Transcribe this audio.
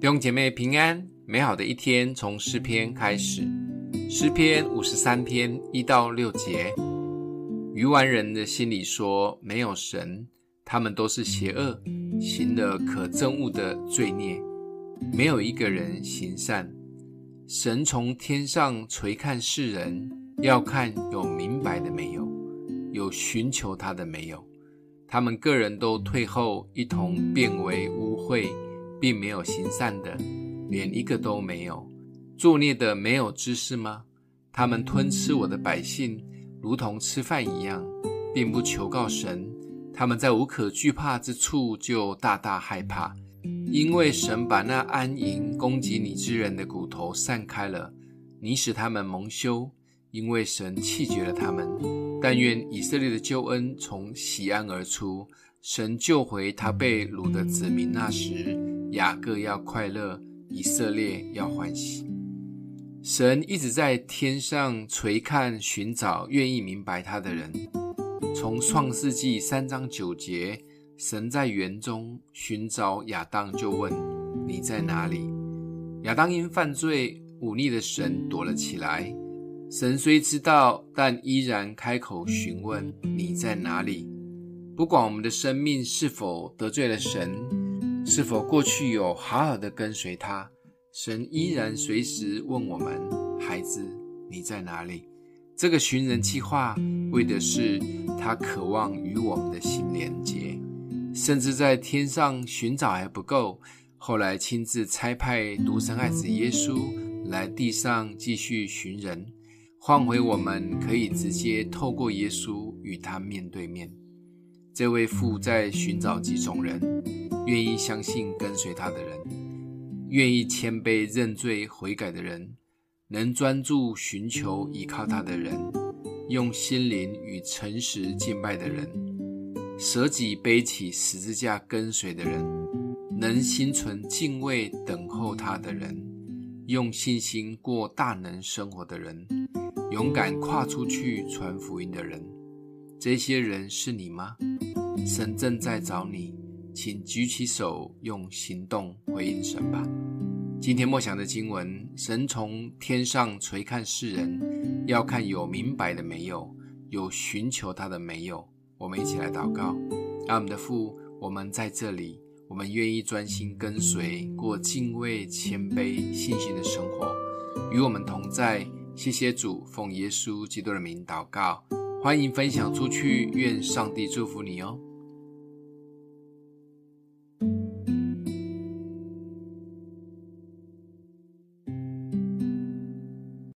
弟兄姐妹平安，美好的一天從詩篇開始。詩篇五十三篇一到六節，愚頑人的心裡說：沒有神，他們都是邪惡，行了可憎惡的罪孽，沒有一個人行善。神從天上垂看世人，要看有明白的沒有？有尋求他的沒有？他們各人都退後，一同變為污穢。並沒有行善的，連一個都沒有。作孽的沒有知識嗎？他們吞吃我的百姓，如同吃飯一樣，並不求告神。他們在無可懼怕之處就大大害怕，因為神把那安營攻擊你之人的骨頭散開了。你使他們蒙羞，因為神棄絕了他們。但願以色列的救恩從錫安而出，神救回他被擄的子民那時。雅各要快樂，以色列要歡喜。神一直在天上垂看、尋找願意明白他的人。從創世記三章九節，神在園中尋找亞當，就問：“你在哪裡？”亞當因犯罪違逆了神，躲了起來。神雖知道，但依然開口詢問：“你在哪裡？”不管我們的生命是否得罪了神。是否過去有好好的跟隨他？神依然隨時問我們：“孩子，你在哪裡？”這個尋人計劃為的是他渴望與我們的心連接，甚至在天上尋找還不夠，後來親自差派獨生愛子耶穌來地上繼續尋人，喚回我們可以直接透過耶穌與他面對面。這位父在尋找幾種人：願意相信跟隨他的人，願意謙卑認罪悔改的人，能專注尋求依靠他的人，用心靈與誠實敬拜的人，捨己背起十字架跟隨的人，能心存敬畏等候他的人，用信心過大能生活的人，勇敢跨出去傳福音的人。這些人是你嗎？神正在找你，請舉起手，用行動回應神吧。今天默想的經文：神從天上垂看世人，要看有明白的沒有？有尋求他的沒有？我們一起來禱告：愛我們的父，我們在這裡，我們願意專心跟隨，過敬畏、謙卑、信心的生活。與我們同在，謝謝主。奉耶穌基督的名禱告，歡迎分享出去，願上帝祝福你哦。